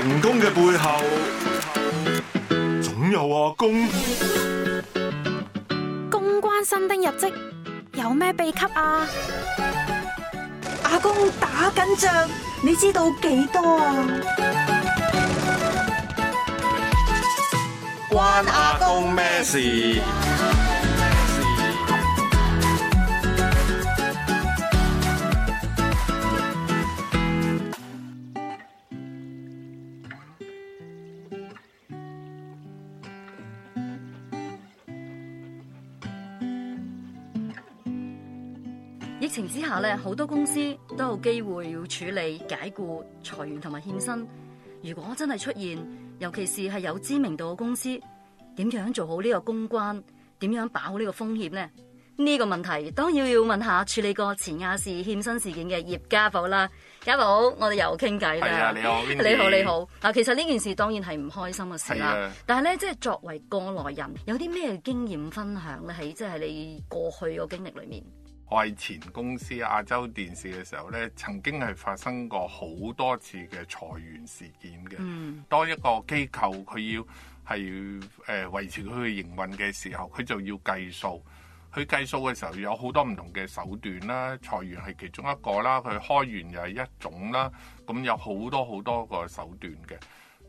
成功嘅背後，總有阿公。公關新丁入職，有咩秘笈啊？阿公打緊仗，你知道幾多啊？關阿公咩事？咧，好多公司都有機會要處理解僱、裁員同埋欠薪。如果真係出現，尤其是係有知名度嘅公司，點樣做好呢個公關？點樣把好呢個風險呢？呢、呢個問題當然要問下處理過前亞視欠薪事件嘅葉家寶啦。家寶，我哋又傾偈啦、啊。你好，你好，你好。嗱，其實呢件事當然係唔開心嘅事啦。啊、但係咧，即係作為過來人，有啲咩經驗分享咧？喺即係你過去個經歷裏面。喺前公司亞洲電視嘅時候咧，曾經係發生過好多次嘅裁員事件嘅。當一個機構佢要係誒維持佢嘅營運嘅時候，佢就要計數。佢計數嘅時候有好多唔同嘅手段啦，裁員係其中一個啦，佢開源又係一種啦，咁有好多好多個手段嘅。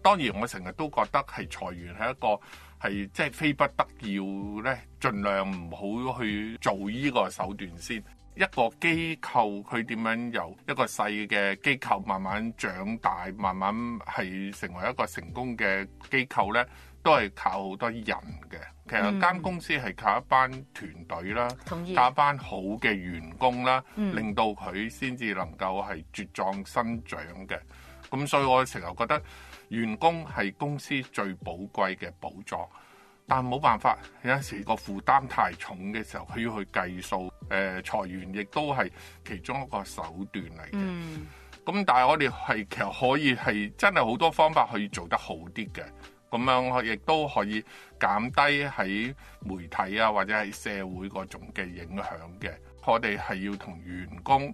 當然我成日都覺得係裁員係一個。係即係非不得要咧，儘量唔好去做呢個手段先。一個機構佢點樣由一個細嘅機構慢慢長大，慢慢係成為一個成功嘅機構咧，都係靠好多人嘅。其實間公司係靠一班團隊啦，靠一班好嘅員工啦、嗯，令到佢先至能夠係茁壯生長嘅。咁所以我成日覺得。員工係公司最寶貴嘅寶藏，但冇辦法有陣時個負擔太重嘅時候，佢要去計數，誒、呃、裁員亦都係其中一個手段嚟嘅。咁、嗯、但係我哋係其實可以係真係好多方法可以做得好啲嘅，咁樣我亦都可以減低喺媒體啊或者係社會嗰種嘅影響嘅。我哋係要同員工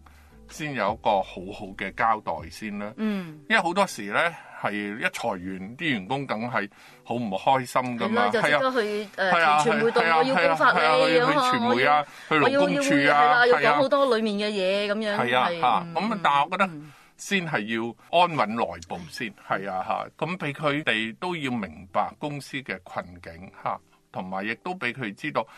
先有一個好好嘅交代先啦、嗯。因為好多時呢。係一裁員，啲員工梗係好唔開心咁噶、啊、就係啊，去誒傳媒度、啊、我要發聲啊！啊啊啊、我要去傳媒啊，去勞工處啊，要，我要，要啊，有好多裡面嘅嘢咁樣。係啊，嚇！咁啊，啊啊嗯啊、但係我覺得先係要安穩內部先。係啊，嚇！咁俾佢哋都要明白公司嘅困境嚇，同埋亦都俾佢知道、哎，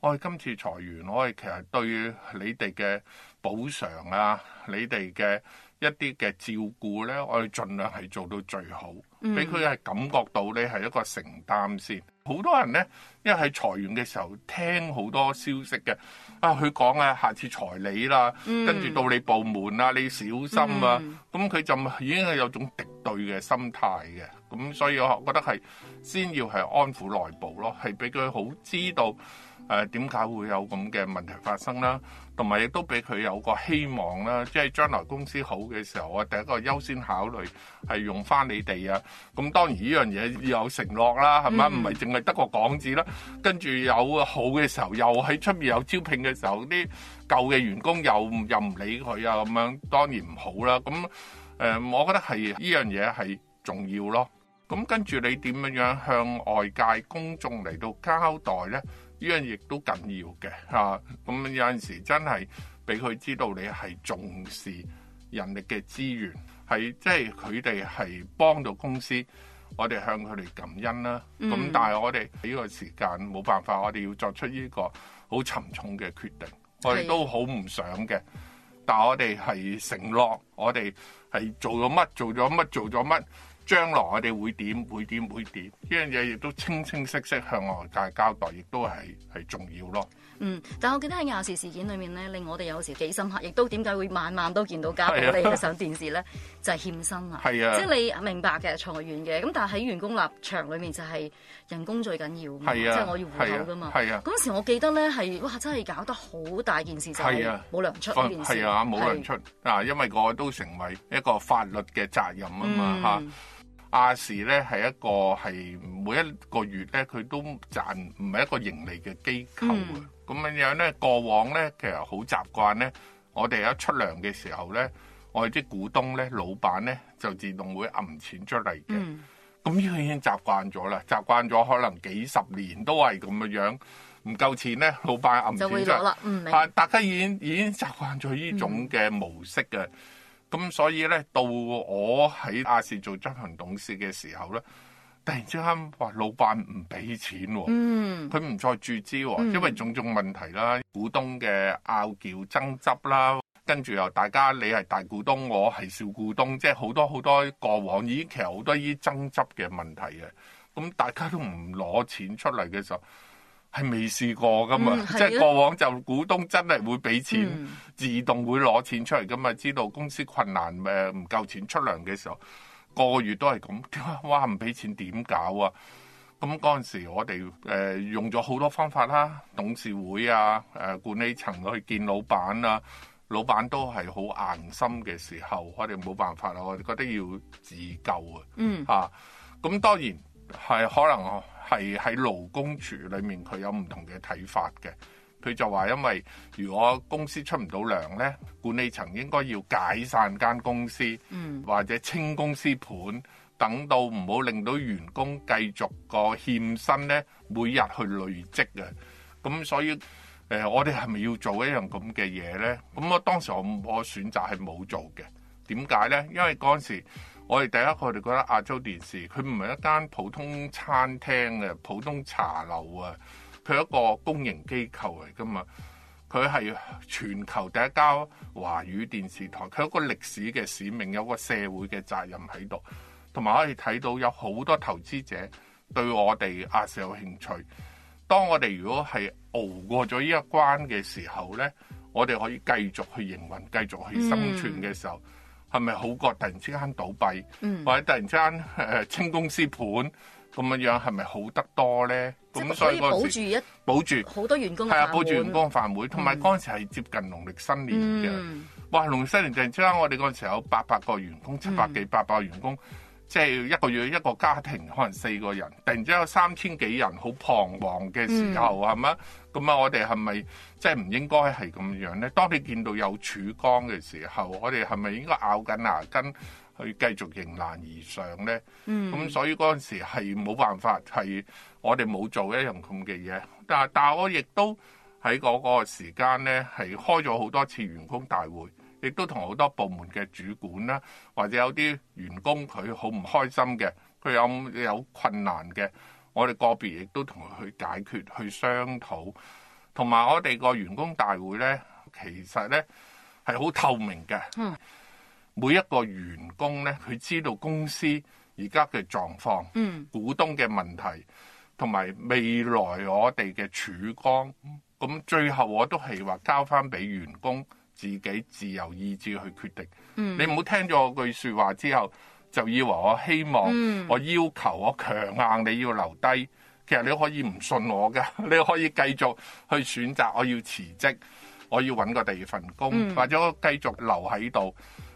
我今次裁員，我係其實對你哋嘅補償啊，你哋嘅。一啲嘅照顧咧，我哋盡量係做到最好，俾佢係感覺到你係一個承擔先。好多人咧，因為喺裁員嘅時候聽好多消息嘅，啊佢講啊，下次裁你啦，跟住到你部門啦，你小心啊，咁佢就已經係有種敵對嘅心態嘅。咁所以我覺得係先要係安撫內部咯，係俾佢好知道誒點解會有咁嘅問題發生啦。同埋亦都俾佢有個希望啦，即係將來公司好嘅時候，我第一個優先考慮係用翻你哋啊。咁當然呢樣嘢要有承諾啦，係咪？唔係淨係得個講字啦。跟住有好嘅時候，又喺出面有招聘嘅時候，啲舊嘅員工又又唔理佢啊，咁樣當然唔好啦。咁、呃、我覺得係呢樣嘢係重要咯。咁跟住你點樣向外界公眾嚟到交代咧？呢樣亦都緊要嘅嚇，咁有陣時真係俾佢知道你係重視人力嘅資源，係即係佢哋係幫到公司，我哋向佢哋感恩啦。咁、嗯、但係我哋喺呢個時間冇辦法，我哋要作出呢個好沉重嘅決定，我哋都好唔想嘅，是的但係我哋係承諾，我哋係做咗乜，做咗乜，做咗乜。將來我哋會點會點會點？呢樣嘢亦都清清晰晰向外界交代，亦都係重要咯。嗯，但我記得喺亞視事件裏面咧，令我哋有時幾深刻，亦都點解會晚晚都見到嘉賓嚟上電視咧？就係、係、欠薪啊！係啊，即係你明白嘅財源嘅咁，但係喺員工立場裏面就係人工最緊要，即係我要糊口㗎嘛。係啊，嗰、啊、時我記得咧係哇，真係搞得好大件事，就係冇糧出呢件事。係啊，冇糧、啊、出啊，因為個個都成為一個法律嘅責任嘛、嗯、啊嘛亞視咧，係一個係每一個月咧佢都賺唔係一個盈利嘅機構咁、嗯、樣樣咧過往咧，其實好習慣咧，我哋一出糧嘅時候咧，我哋啲股東咧、老闆咧，就自動會揞錢出嚟嘅。咁呢個已經習慣咗啦，習慣咗可能幾十年都係咁嘅樣，唔夠錢咧，老闆揞錢出嚟、啊，大家已經已經習慣咗呢種嘅模式嘅。嗯嗯咁所以咧，到我喺亞視做執行董事嘅時候咧，突然之間話老闆唔俾錢，嗯，佢唔再注資喎，因為種種問題啦，mm. 股東嘅拗撬爭執啦，跟住又大家你係大股東，我係小股東，即係好多好多過往以其實好多啲爭執嘅問題嘅，咁大家都唔攞錢出嚟嘅時候。係未試過噶嘛？即係過往就股東真係會俾錢，自動會攞錢出嚟噶嘛？知道公司困難誒唔夠錢出糧嘅時候，個個月都係咁。點啊？哇！唔俾錢點搞啊？咁嗰陣時我哋誒用咗好多方法啦，啊，董事會啊，誒管理層去見老闆啊，老闆都係好硬心嘅時候，我哋冇辦法啦，我哋覺得要自救啊。嗯。嚇，咁當然係可能。係喺勞工處裏面，佢有唔同嘅睇法嘅。佢就話：因為如果公司出唔到糧呢，管理層應該要解散間公司，或者清公司盤，等到唔好令到員工繼續個欠薪呢，每日去累積嘅。咁所以誒，我哋係咪要做一樣咁嘅嘢呢？咁我當時我我選擇係冇做嘅。點解呢？因為嗰陣時。我哋第一，我哋覺得亞洲電視佢唔係一間普通餐廳嘅普通茶樓啊，佢係一個公營機構嚟㗎嘛，佢係全球第一間華語電視台，佢有個歷史嘅使命，有個社會嘅責任喺度，同埋可以睇到有好多投資者對我哋亞視有興趣。當我哋如果係熬過咗呢一關嘅時候呢，我哋可以繼續去營運，繼續去生存嘅時候。嗯係咪好過突然之間倒閉，嗯，或者突然之間誒、呃、清公司盤咁樣樣，係咪好得多咧？咁所以保住一保住好多員工的，係、啊、保住員工飯碗。同埋嗰陣時係接近農曆新年嘅，嗯，哇！農曆新年突然之間，我哋嗰陣時候有八百個員工，七百幾八百個員工，即、嗯、係、就是、一個月一個家庭可能四個人，突然之間有三千幾人好彷徨嘅時候，係、嗯、咪？是咁啊！我哋係咪即係唔應該係咁樣咧？當你見到有曙光嘅時候，我哋係咪應該咬緊牙根去繼續迎難而上咧？嗯。咁所以嗰陣時係冇辦法，係我哋冇做一樣咁嘅嘢。但係，但係我亦都喺嗰個時間咧，係開咗好多次員工大會，亦都同好多部門嘅主管啦，或者有啲員工佢好唔開心嘅，佢有有困難嘅。我哋個別亦都同佢去解決、去商討，同埋我哋個員工大會呢，其實呢係好透明嘅。嗯，每一個員工呢，佢知道公司而家嘅狀況，嗯，股東嘅問題，同埋未來我哋嘅曙光。咁最後我都係話交翻俾員工自己自由意志去決定。嗯，你唔好聽咗我句說話之後。就以為我希望，我要求，我強硬你要留低，嗯。其實你可以唔信我㗎，你可以繼續去選擇。我要辭職，我要揾個第二份工，嗯，或者我繼續留喺度。誒、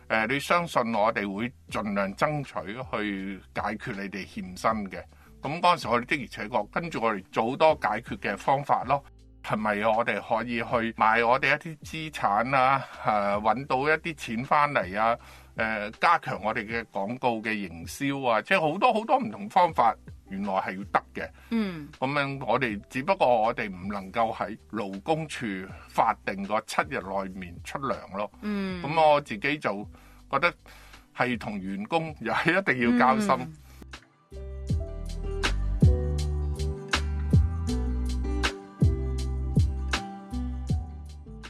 呃，你相信我哋會盡量爭取去解決你哋欠薪嘅。咁嗰陣時，我哋的而且確跟住我哋做多解決嘅方法咯。係咪我哋可以去賣我哋一啲資產啊？誒、啊，揾到一啲錢翻嚟啊？誒加強我哋嘅廣告嘅營銷啊，即係好多好多唔同方法，原來係要得嘅。嗯，咁樣我哋只不過我哋唔能夠喺勞工處法定個七日內面出糧咯。嗯，咁我自己就覺得係同員工又係一定要交心。Mm.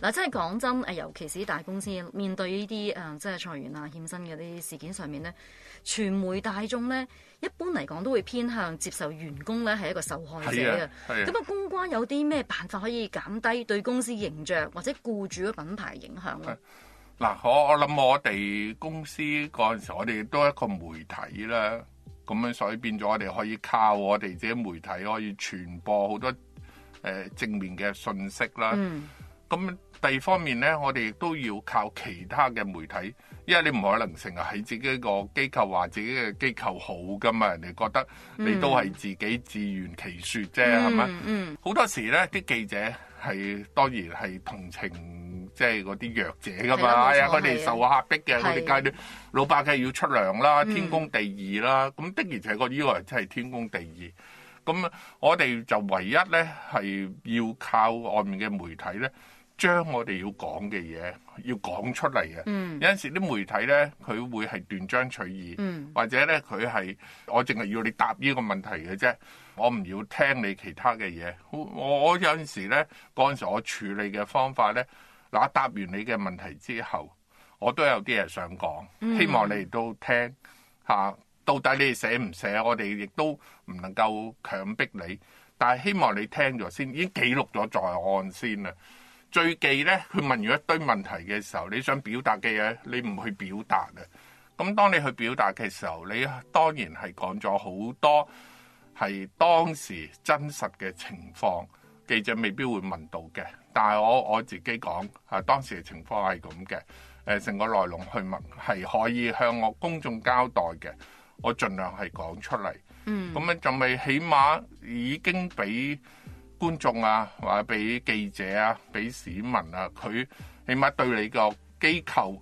嗱，真係講真，誒，尤其是大公司面對呢啲誒，即係裁員啊、欠薪嗰啲事件上面咧，傳媒大眾咧，一般嚟講都會偏向接受員工咧係一個受害者嘅。咁啊，啊公關有啲咩辦法可以減低對公司形象或者僱主嘅品牌影響咧？嗱，啊，我我諗我哋公司嗰陣時，我哋都係一個媒體啦，咁樣所以變咗我哋可以靠我哋自己媒體可以傳播好多誒正面嘅信息啦。咁、嗯。第二方面咧，我哋亦都要靠其他嘅媒體，因為你唔可能成日喺自己一個機構話自己嘅機構好噶嘛。人哋覺得你都係自己自圓其説啫，係嘛？好、嗯嗯嗯、多時咧，啲記者係當然係同情即係嗰啲弱者噶嘛。係呀，佢哋受壓迫嘅嗰啲階段，老百嘅要出糧啦，天公地義啦。咁、嗯、的而且確個呢個真係天公地義。咁我哋就唯一咧係要靠外面嘅媒體咧。將我哋要講嘅嘢要講出嚟嘅，有陣時啲媒體呢，佢會係斷章取義，或者呢，佢係我淨係要你答呢個問題嘅啫，我唔要聽你其他嘅嘢。我有陣時呢，嗰陣時我處理嘅方法呢，嗱，答完你嘅問題之後，我都有啲嘢想講，希望你都聽吓，到底你寫唔寫？我哋亦都唔能夠強迫你，但係希望你聽咗先，已經記錄咗在案先啦。最忌咧，去問完一堆問題嘅時候，你想表達嘅嘢，你唔去表達嘅。咁當你去表達嘅時候，你當然係講咗好多係當時真實嘅情況，記者未必會問到嘅。但係我我自己講啊，當時嘅情況係咁嘅。誒，成個來龍去問係可以向我公眾交代嘅，我盡量係講出嚟。嗯。咁咧就咪起碼已經俾。觀眾啊，或者俾記者啊，俾市民啊，佢起碼對你個機構，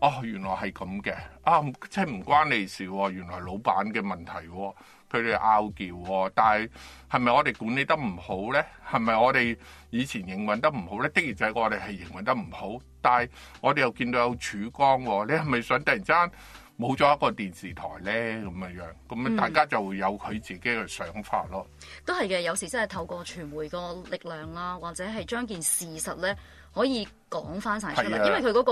哦，原來係咁嘅，啊，即係唔關你事喎，啊，原來老闆嘅問題，啊，佢哋拗撬，但係係咪我哋管理得唔好咧？係咪我哋以前營運得唔好咧？的而且確我哋係營運得唔好，但係我哋又見到有曙光喎，啊，你係咪想突然間？冇咗一個電視台呢，咁樣樣，咁大家就會有佢自己嘅想法咯、嗯。都係嘅，有時真係透過傳媒個力量啦，或者係將件事實呢。可以講翻晒出嚟、啊，因為佢嗰個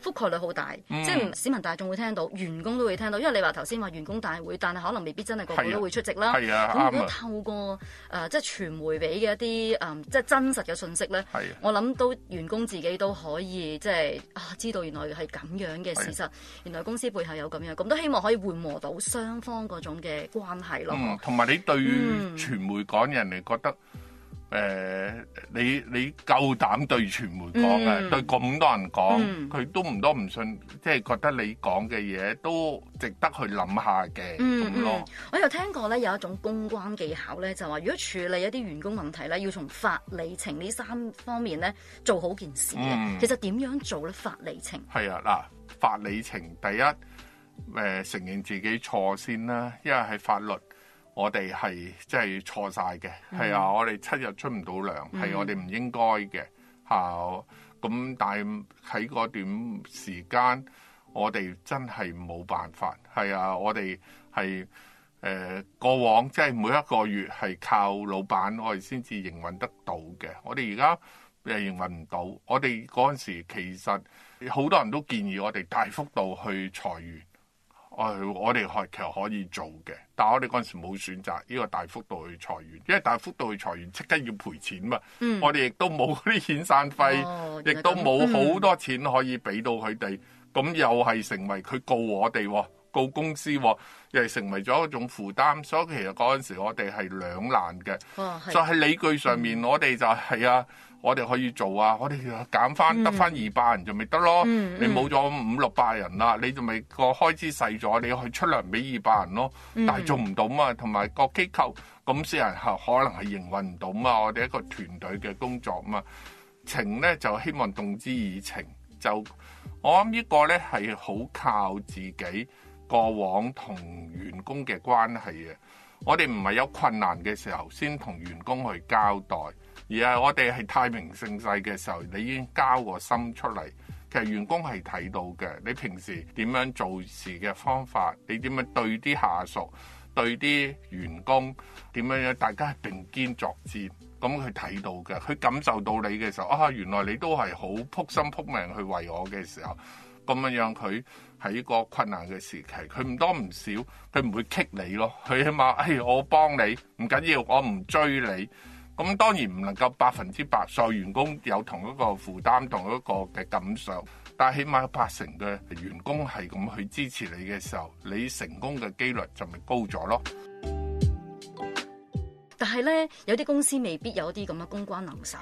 覆蓋率好大，嗯、即係市民大眾會聽到，員工都會聽到。因為你話頭先話員工大會，但係可能未必真係個個都會出席啦。咁、啊啊、如果透過、啊呃、即係傳媒俾嘅一啲、嗯、即係真實嘅信息呢，啊、我諗都員工自己都可以即係啊知道原來係咁樣嘅事實、啊，原來公司背後有咁樣，咁都希望可以緩和到雙方嗰種嘅關係咯。同、嗯、埋你對於傳媒講人哋覺得？嗯誒、呃，你你夠膽對傳媒講嘅、嗯，對咁多人講，佢、嗯、都唔多唔信，即、就、係、是、覺得你講嘅嘢都值得去諗下嘅咁、嗯嗯、我又聽過咧，有一種公關技巧咧，就話如果處理一啲員工問題咧，要從法理情呢三方面咧做好件事。嗯、其實點樣做咧？法理情係啊，嗱，法理情第一，誒、呃，承認自己錯先啦，因為係法律。我哋係即係錯晒嘅，係、嗯、啊！我哋七日出唔到糧，係、嗯、我哋唔應該嘅嚇。咁、嗯啊、但係喺嗰段時間，我哋真係冇辦法。係啊！我哋係誒過往即係每一個月係靠老闆我哋先至營運得到嘅。我哋而家誒營運唔到。我哋嗰陣時其實好多人都建議我哋大幅度去裁員。我哋其實可以做嘅，但係我哋嗰陣時冇選擇呢個大幅度去裁員，因為大幅度去裁員即刻要賠錢嘛。嗯、我哋亦都冇啲遣散費，亦都冇好多錢可以俾到佢哋，咁、嗯、又係成為佢告我哋，告公司，又係成為咗一種負擔。所以其實嗰陣時我哋係兩難嘅，就、哦、喺理據上面我哋就係、係、啊。嗯我哋可以做啊我、嗯！我哋減翻得翻二百人就咪得咯，你冇咗五六百人啦，你就咪個開支細咗，你去出糧俾二百人咯。但係做唔到嘛、嗯，同埋個機構咁先係可能係營運唔到嘛。我哋一個團隊嘅工作嘛，情咧就希望動之以情。就我諗呢個咧係好靠自己過往同員工嘅關係嘅。我哋唔係有困難嘅時候先同員工去交代。而、yeah, 係我哋係太平盛世嘅時候，你已經交個心出嚟，其實員工係睇到嘅。你平時點樣做事嘅方法，你點樣對啲下屬、對啲員工點樣大家係並肩作戰，咁佢睇到嘅，佢感受到你嘅時候，啊，原來你都係好撲心撲命去為我嘅時候，咁樣樣佢喺個困難嘅時期，佢唔多唔少，佢唔會棘你咯，佢起碼，哎，我幫你，唔緊要，我唔追你。咁當然唔能夠百分之百所有員工有同一個負擔同一個嘅感受，但係起碼八成嘅員工係咁去支持你嘅時候，你成功嘅機率就咪高咗咯。但係咧，有啲公司未必有啲咁嘅公關能手，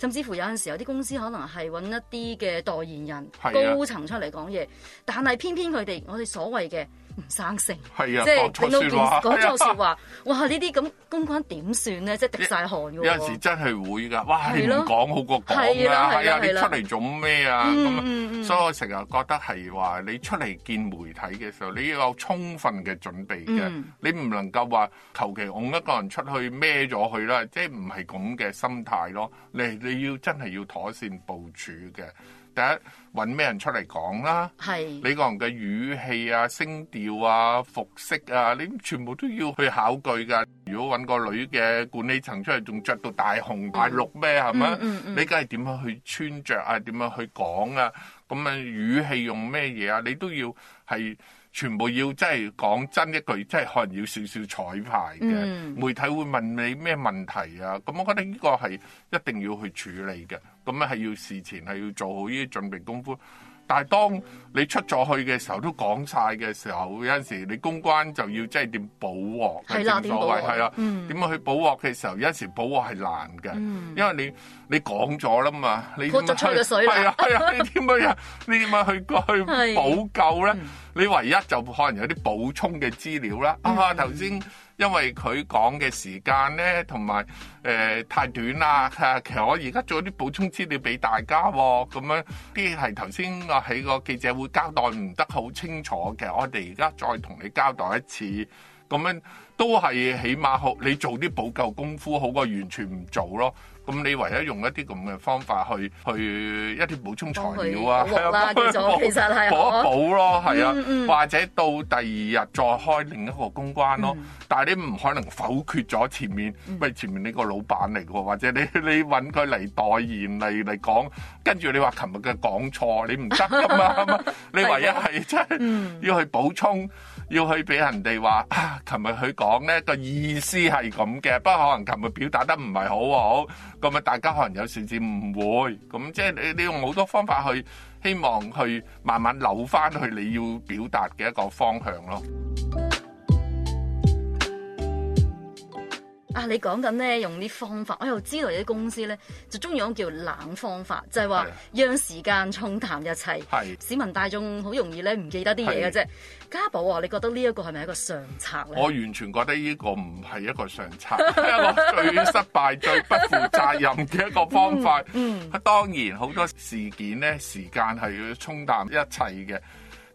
甚至乎有陣時有啲公司可能係揾一啲嘅代言人、高層出嚟講嘢，但係偏偏佢哋我哋所謂嘅。唔生性，係講、啊、錯説話，講錯説話、啊，哇！呢啲咁公關點算咧？即係滴晒汗。有陣時真係會噶，哇！唔講、啊、好過講啊，係啊，啊，啊，啊，啊，啊，啊！你出嚟做咩啊？咁、嗯嗯，所以我成日覺得係話你出嚟見媒體嘅時候，你要有充分嘅準備嘅、嗯，你唔能夠話求其戇一個人出去孭咗佢啦，即係唔係咁嘅心態咯。你你要真係要妥善部署嘅。第一，揾咩人出嚟講啦，係。你個人嘅語氣啊、聲調啊、服飾啊，你全部都要去考據㗎。如果揾個女嘅管理層出嚟，仲着到大紅大綠咩？嗯、係咪、嗯嗯嗯？你梗係點樣去穿着啊？點樣去講啊？咁啊語氣用咩嘢啊？你都要係。全部要即係講真一句，即係可能要少少彩排嘅。Mm. 媒體會問你咩問題啊？咁我覺得呢個係一定要去處理嘅。咁咧係要事前係要做好呢啲準備功夫。但係當你出咗去嘅時候，都講晒嘅時候，有陣時你公關就要即係點補鑊？係啦所謂補鑊？係啦，點、嗯、去補鑊？嘅時候有陣時補鑊係難嘅、嗯，因為你你講咗啦嘛，你咁出係啊？係啊？你點樣？你點樣去 你點樣去，去補救咧、嗯？你唯一就可能有啲補充嘅資料啦、嗯。啊，頭先。因為佢講嘅時間咧，同埋誒太短啦嚇。其實我而家做啲補充資料俾大家喎、哦，咁樣啲係頭先啊喺個記者會交代唔得好清楚嘅，我哋而家再同你交代一次，咁樣都係起碼好，你做啲補救功夫好過完全唔做咯。咁你唯一用一啲咁嘅方法去去一啲補充材料啊，啊，啊其實係補一補咯，係啊、嗯嗯，或者到第二日再開另一個公關咯。嗯、但係你唔可能否決咗前面，喂、嗯，前面呢個老闆嚟嘅，或者你你揾佢嚟代言嚟嚟講，跟住你話琴日嘅講錯，你唔得㗎嘛 你唯一係真係、嗯、要去補充，要去俾人哋話啊，琴日佢講咧個意思係咁嘅，不過可能琴日表達得唔係好好。咁啊，大家可能有少少誤會，咁即係你你用好多方法去希望去慢慢扭翻去你要表達嘅一個方向咯。啊！你講緊咧用啲方法，我又知道有啲公司咧就中意講叫冷方法，就係話讓時間沖淡一切。市民大眾好容易咧唔記得啲嘢嘅啫。家寶啊，你覺得呢一個係咪一個上策咧？我完全覺得呢個唔係一個上策， 一個最失敗、 最不負責任嘅一個方法。 嗯，嗯，當然好多事件咧，時間係要沖淡一切嘅。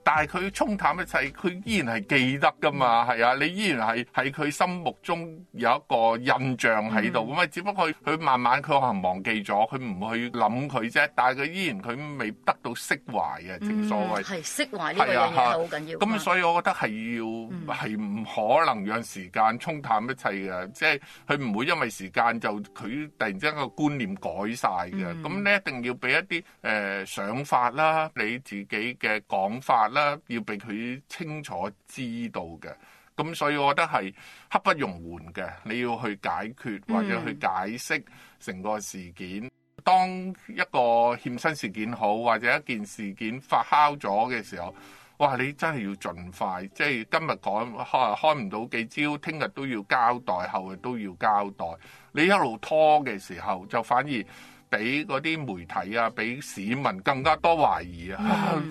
但係佢沖淡一切，佢依然係記得噶嘛，係、嗯、啊，你依然係喺佢心目中有一個印象喺度咁啊。只不過佢佢慢慢佢可能忘記咗，佢唔去諗佢啫。但係佢依然佢未得到釋懷啊，正所謂係、嗯、釋懷呢個嘢係好緊要。咁所以我覺得係要係唔可能讓時間沖淡一切嘅，即係佢唔會因為時間就佢突然之間個觀念改晒嘅。咁、嗯、你一定要俾一啲誒、呃、想法啦，你自己嘅講法。要俾佢清楚知道嘅，咁所以我覺得係刻不容緩嘅，你要去解決或者去解釋成個事件。當一個欠薪事件好，或者一件事件發酵咗嘅時候，哇！你真係要盡快，即係今日講開開唔到幾朝，聽日都要交代，後日都要交代。你一路拖嘅時候，就反而，俾嗰啲媒體啊，俾市民更加多懷疑啊！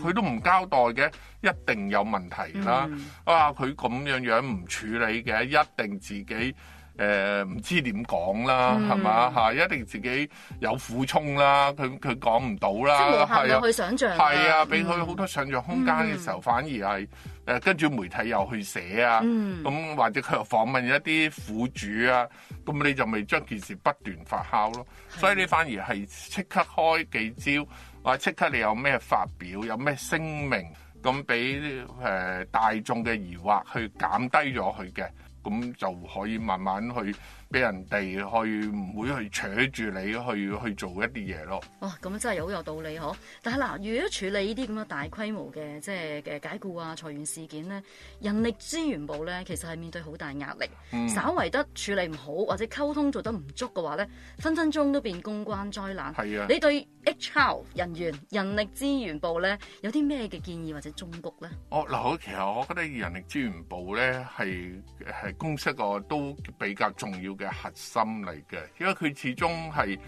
佢、嗯啊、都唔交代嘅，一定有問題啦！佢、嗯、咁、啊、樣樣唔處理嘅，一定自己誒唔、呃、知點講啦，係、嗯、嘛嚇、啊、一定自己有苦衷啦，佢佢講唔到啦，係啊，俾佢好多想象空間嘅時候，嗯、反而係。誒跟住媒體又去寫啊，咁、嗯、或者佢又訪問一啲苦主啊，咁你就咪將件事不斷發酵咯，所以你反而係即刻開幾招，或即刻你有咩發表，有咩聲明，咁俾、呃、大眾嘅疑惑去減低咗佢嘅，咁就可以慢慢去。俾人哋去唔會去扯住你去去做一啲嘢咯。哇、哦，咁真係好有道理呵！但係嗱，如果處理呢啲咁嘅大規模嘅即係嘅解雇啊、裁員事件咧，人力資源部咧其實係面對好大壓力。嗯。稍為得處理唔好或者溝通做得唔足嘅話咧，分分鐘都變公關災難。係啊。你對 HR 人員人力資源部咧有啲咩嘅建議或者忠告咧？哦，嗱，其實我覺得人力資源部咧係係公司個都比較重要嘅核心嚟嘅，因為佢始終係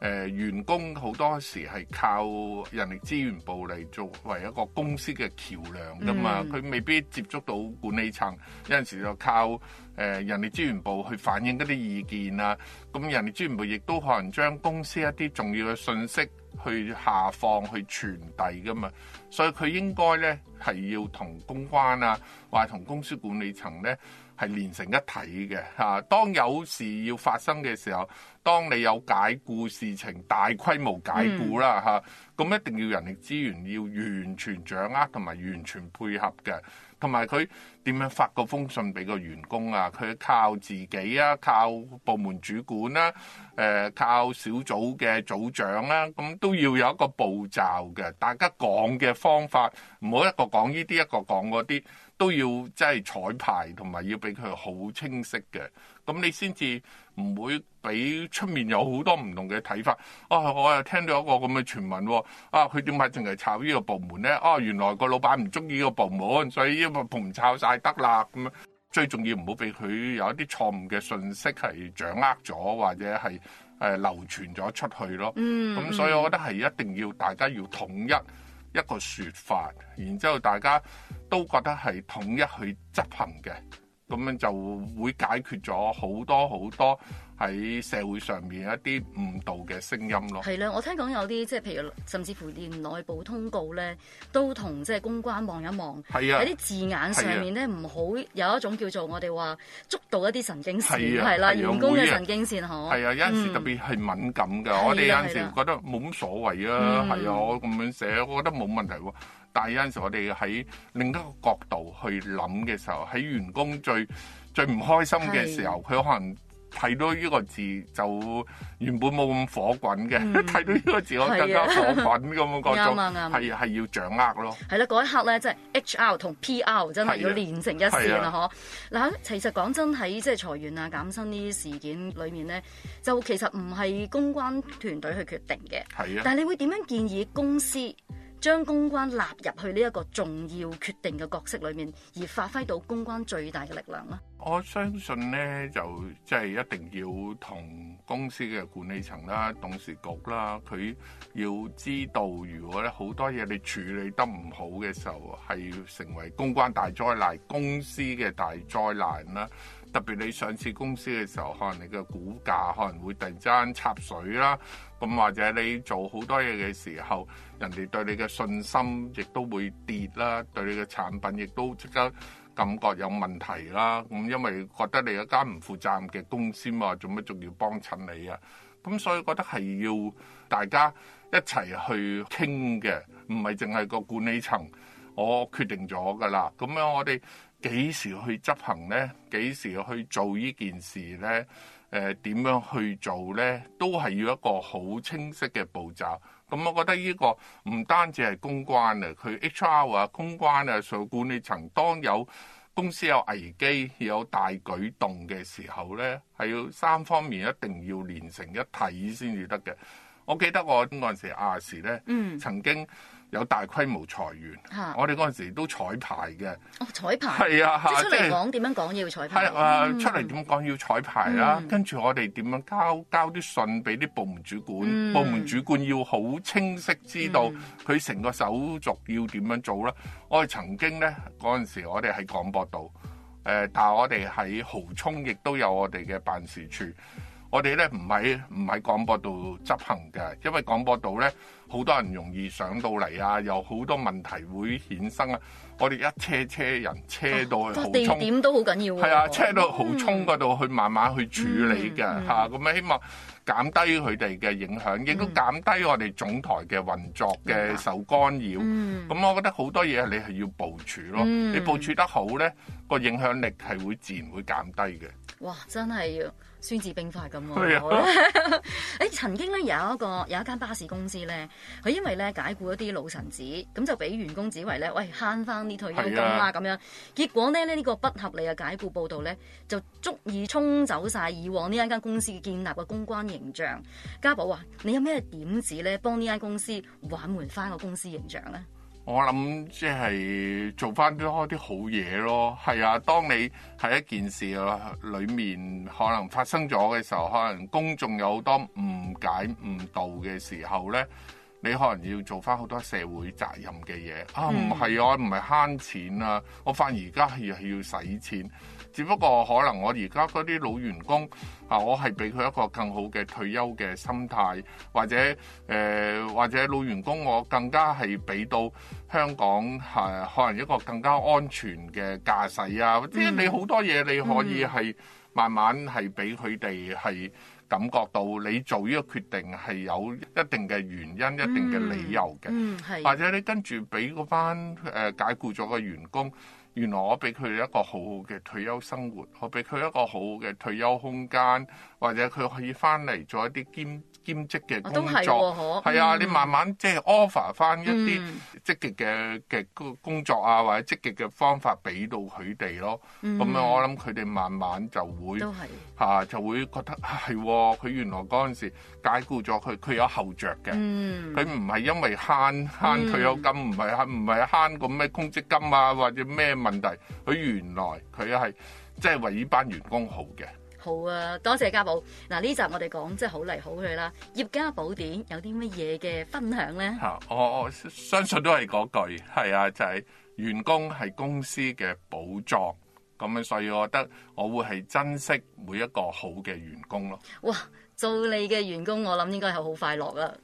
誒員工好多時係靠人力資源部嚟作為一個公司嘅橋樑噶嘛，佢、mm. 未必接觸到管理層，有陣時候就靠誒、呃、人力資源部去反映嗰啲意見啊。咁人力資源部亦都可能將公司一啲重要嘅信息去下放去傳遞噶嘛，所以佢應該咧係要同公關啊，或同公司管理層咧。係連成一體嘅嚇。當有事要發生嘅時候，當你有解雇事情、大規模解雇啦嚇，咁一定要人力資源要完全掌握同埋完全配合嘅。同埋佢點樣發個封信俾個員工啊？佢靠自己啊，靠部門主管啦、誒，靠小組嘅組長啦、啊，咁都要有一個步驟嘅。大家講嘅方法，唔好一個講呢啲，一個講嗰啲。都要即係彩排，同埋要俾佢好清晰嘅，咁你先至唔會俾出面有好多唔同嘅睇法。啊，我又聽到一個咁嘅傳聞，啊，佢點解淨係炒呢個部門咧？哦、啊，原來個老闆唔中意呢個部門，所以一冇唔炒晒得啦。咁最重要唔好俾佢有一啲錯誤嘅信息係掌握咗，或者係誒流傳咗出去咯。嗯，咁所以我覺得係一定要大家要統一。一個說法，然之後大家都覺得係統一去執行嘅，咁樣就會解決咗好多好多。喺社會上面一啲誤導嘅聲音咯，係啦，我聽講有啲即係譬如甚至乎連內部通告咧，都同即係公關望一望，喺啲字眼上面咧唔好有一種叫做我哋話捉到一啲神經線，係啦，員工嘅神經線，嗬，係啊，有時特別係敏感㗎。我哋有時覺得冇乜所謂啊，係啊，我咁樣寫，我覺得冇問題喎。但係有陣時我哋喺另一個角度去諗嘅時候，喺員工最最唔開心嘅時候，佢可能。睇到呢個字就原本冇咁火滾嘅，睇、嗯、到呢個字我更加火滾，咁樣講就係係，要掌握咯。係啦，嗰一刻咧，即、就、係、係、HR 同 PR 真係要連成一線啦！嗬嗱，其實講真喺即係裁員啊、減薪呢啲事件裏面咧，就其實唔係公關團隊去決定嘅。係啊，但係你會點樣建議公司？將公關納入去呢一個重要決定嘅角色裏面，而發揮到公關最大嘅力量啦。我相信呢，就即係一定要同公司嘅管理層啦、董事局啦，佢要知道，如果咧好多嘢你處理得唔好嘅時候，係要成為公關大災難、公司嘅大災難啦。特別你上市公司嘅時候，可能你嘅股價可能會突然之間插水啦，咁或者你做好多嘢嘅時候，人哋對你嘅信心亦都會跌啦，對你嘅產品亦都即刻感覺有問題啦，咁因為覺得你一間唔負責任嘅公司嘛，做乜仲要幫襯你啊？咁所以覺得係要大家一齊去傾嘅，唔係淨係個管理層我決定咗㗎啦，咁樣我哋。幾時去執行呢？幾時去做呢件事呢？誒、呃、點樣去做呢？都係要一個好清晰嘅步驟。咁、嗯、我覺得呢個唔單止係公關啊，佢 HR 啊、公關啊、上管理層，當有公司有危機、有大舉動嘅時候呢，係要三方面一定要連成一體先至得嘅。我記得我嗰陣時亞視，嗯，曾經，有大規模裁員，我哋嗰陣時都彩排嘅。哦，彩排係啊，即出嚟講點樣講要彩排。係啊，嗯、出嚟點講要彩排啦、啊嗯。跟住我哋點樣交交啲信俾啲部門主管、嗯，部門主管要好清晰知道佢成個手續要點樣做啦、啊嗯。我哋曾經咧嗰陣時我，我哋喺廣播道，誒，但係我哋喺濠湧亦都有我哋嘅辦事處。我哋咧唔喺唔喺廣播度執行嘅，因為廣播度咧好多人容易上到嚟啊，有好多問題會衍生啊。我哋一車車人車到去個、哦、地點都好緊要啊。係啊，車到豪衝嗰度去慢慢去處理嘅吓，咁、嗯、樣、啊嗯嗯嗯啊、希望，減低佢哋嘅影響，亦都減低我哋總台嘅運作嘅受干擾。咁、嗯嗯嗯、我覺得好多嘢你係要部署咯、嗯，你部署得好呢，個影響力係會自然會減低嘅。哇！真係要孫子兵法咁喎。係、哎、啊。 曾經呢有一個有一間巴士公司呢，佢因為咧解僱了一啲老臣子，咁就俾員工指為呢：喂「喂慳返呢退休金啦咁、啊啊、樣。結果呢，呢、呢個不合理嘅解僱報導呢，就足以沖走晒以往呢一間公司的建立嘅公關。形象，家寶話：你有咩點子咧，幫呢間公司挽回翻個公司形象咧？我諗即係做翻多啲好嘢咯。係啊，當你係一件事啊裏面可能發生咗嘅時候，可能公眾有好多誤解誤導嘅時候咧。你可能要做翻好多社會責任嘅嘢啊！唔係啊，唔係慳錢啊！我反而而家係要使錢，只不過可能我而家嗰啲老員工啊，我係俾佢一個更好嘅退休嘅心態，或者誒、呃，或者老員工我更加係俾到香港誒、啊，可能一個更加安全嘅駕駛啊！即、嗯、係、就是、你好多嘢你可以係慢慢係俾佢哋係。感覺到你做呢個決定係有一定嘅原因、嗯、一定嘅理由嘅、嗯，或者你跟住俾嗰班誒解僱咗嘅員工，原來我俾佢一個好好嘅退休生活，我俾佢一個好好嘅退休空間，或者佢可以翻嚟做一啲兼兼職嘅工作，係、哦哦、啊、嗯，你慢慢即係 offer 翻一啲積極嘅嘅工作啊、嗯，或者積極嘅方法俾到佢哋咯。咁、嗯、樣我諗佢哋慢慢就會嚇、啊，就會覺得係佢、哎、原來嗰陣時解僱咗佢，佢有後着嘅。佢唔係因為慳慳退休金，唔係慳唔係慳個咩公積金啊，或者咩問題。佢原來佢係即係為呢班員工好嘅。好啊，多謝家寶。嗱，呢集我哋講即係好嚟，好去啦，《葉家寶典》有啲乜嘢嘅分享咧？我我相信都係嗰句，係啊，就係、是、員工係公司嘅寶藏咁樣，所以我覺得我會係珍惜每一個好嘅員工咯。哇，做你嘅員工，我諗應該係好快樂啦！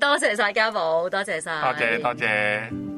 多謝晒家寶，多謝晒，多謝多謝。